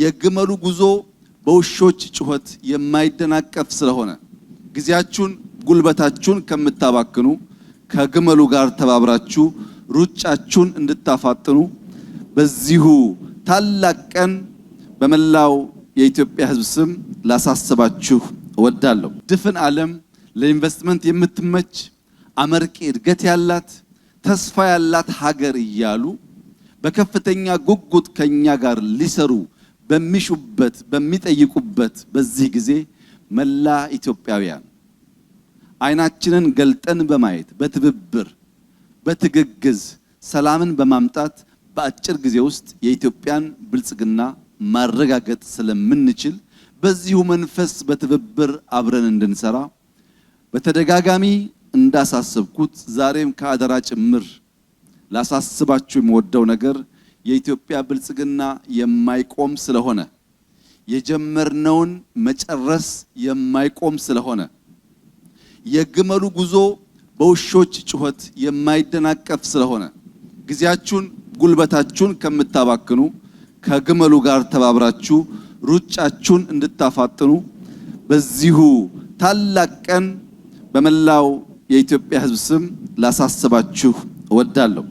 የግመሉ ጉዞ በውሾች ጩኸት የማይደናቀፍ ስለሆነ ጊዜያችሁን፣ ጉልበታችሁን ከምታባክኑ ከግመሉ ጋር ተባብራችሁ ሩጫችሁን እንድታፋጥኑ በዚሁ ታላቅ ቀን በመላው የኢትዮጵያ ሕዝብ ስም ላሳስባችሁ እወዳለሁ። ድፍን ዓለም ለኢንቨስትመንት የምትመች አመርቂ እድገት ያላት ተስፋ ያላት ሀገር እያሉ በከፍተኛ ጉጉት ከኛ ጋር ሊሰሩ በሚሹበት በሚጠይቁበት በዚህ ጊዜ መላ ኢትዮጵያውያን አይናችንን ገልጠን በማየት በትብብር በትግግዝ ሰላምን በማምጣት በአጭር ጊዜ ውስጥ የኢትዮጵያን ብልጽግና ማረጋገጥ ስለምንችል በዚሁ መንፈስ በትብብር አብረን እንድንሰራ በተደጋጋሚ እንዳሳሰብኩት ዛሬም ከአደራ ጭምር ላሳስባችሁ የምወደው ነገር የኢትዮጵያ ብልጽግና የማይቆም ስለሆነ የጀመርነውን መጨረስ የማይቆም ስለሆነ የግመሉ ጉዞ በውሾች ጩኸት የማይደናቀፍ ስለሆነ ጊዜያችሁን፣ ጉልበታችሁን ከምታባክኑ ከግመሉ ጋር ተባብራችሁ ሩጫችሁን እንድታፋጥኑ በዚሁ ታላቅ ቀን በመላው የኢትዮጵያ ሕዝብ ስም ላሳስባችሁ እወዳለሁ።